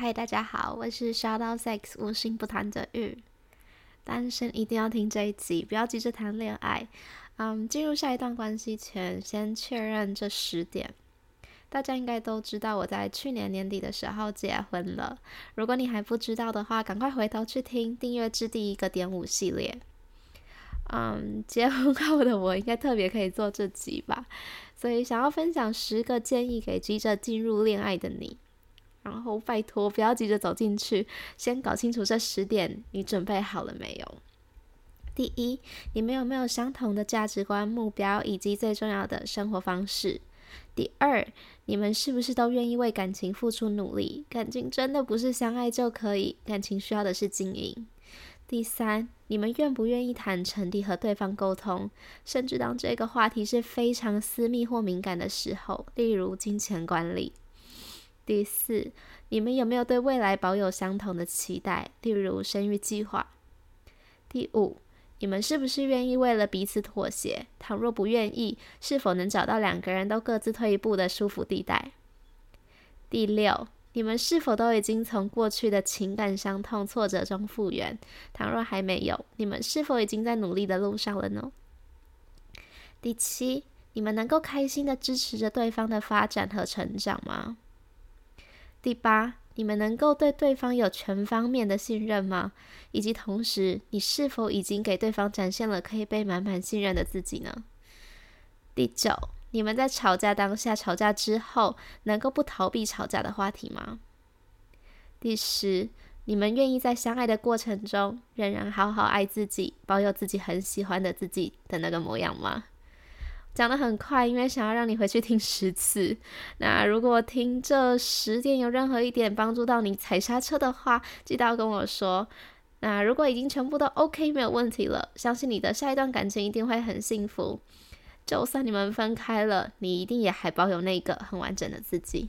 嗨，Hi, 大家好，我是 Shout Out Sex，無性不談的 Yu，單身一定要聽這一集，不要急着談戀愛。嗯、um,，進入下一段關係前，先確認這十點。大家應該都知道我在去年年底的時候結婚了，如果你還不知道的話，趕快回頭去聽，訂閱制第一個點五系列。嗯、um,，結婚後的我應該特別可以做這集吧，所以想要分享十個建議給急着進入戀愛的你。拜託，不要急着走進去，先搞清楚這十點，你準備好了沒有？第一，你們有沒有相同的價值觀、目標以及最重要的生活方式？第二，你們是不是都願意為感情付出努力？感情真的不是相愛就可以，感情需要的是經營。第三，你們願不願意坦誠地和對方溝通，甚至當這個話題是非常私密或敏感的時候，例如金錢管理。第四，你們有沒有對未來保有相同的期待，例如生育計劃？第五，你們是不是願意為了彼此妥協？倘若不願意，是否能找到兩個人都各自退一步的舒服地帶？第六，你們是否都已經從過去的情感傷痛、挫折中復原？倘若還沒有，你們是否已經在努力的路上了呢？第七，你們能夠開心地支持着對方的發展和成長嗎？第八，你們能夠對對方有全方面的信任嗎？以及同時，你是否已經給對方展現了可以被滿滿信任的自己呢？第九，你們在吵架當下、吵架之後，能夠不逃避吵架的話題嗎？第十，你們願意在相愛的過程中，仍然好好愛自己，保有自己很喜歡的自己的那個模樣嗎？講得很快，因為想要讓你回去聽十次。那如果聽這十點有任何一點幫助到你踩剎車的話，記得要跟我說。那如果已經全部都 OK，沒有問題了，相信你的下一段感情一定會很幸福。就算你們分開了，你一定也還保有那個很完整的自己。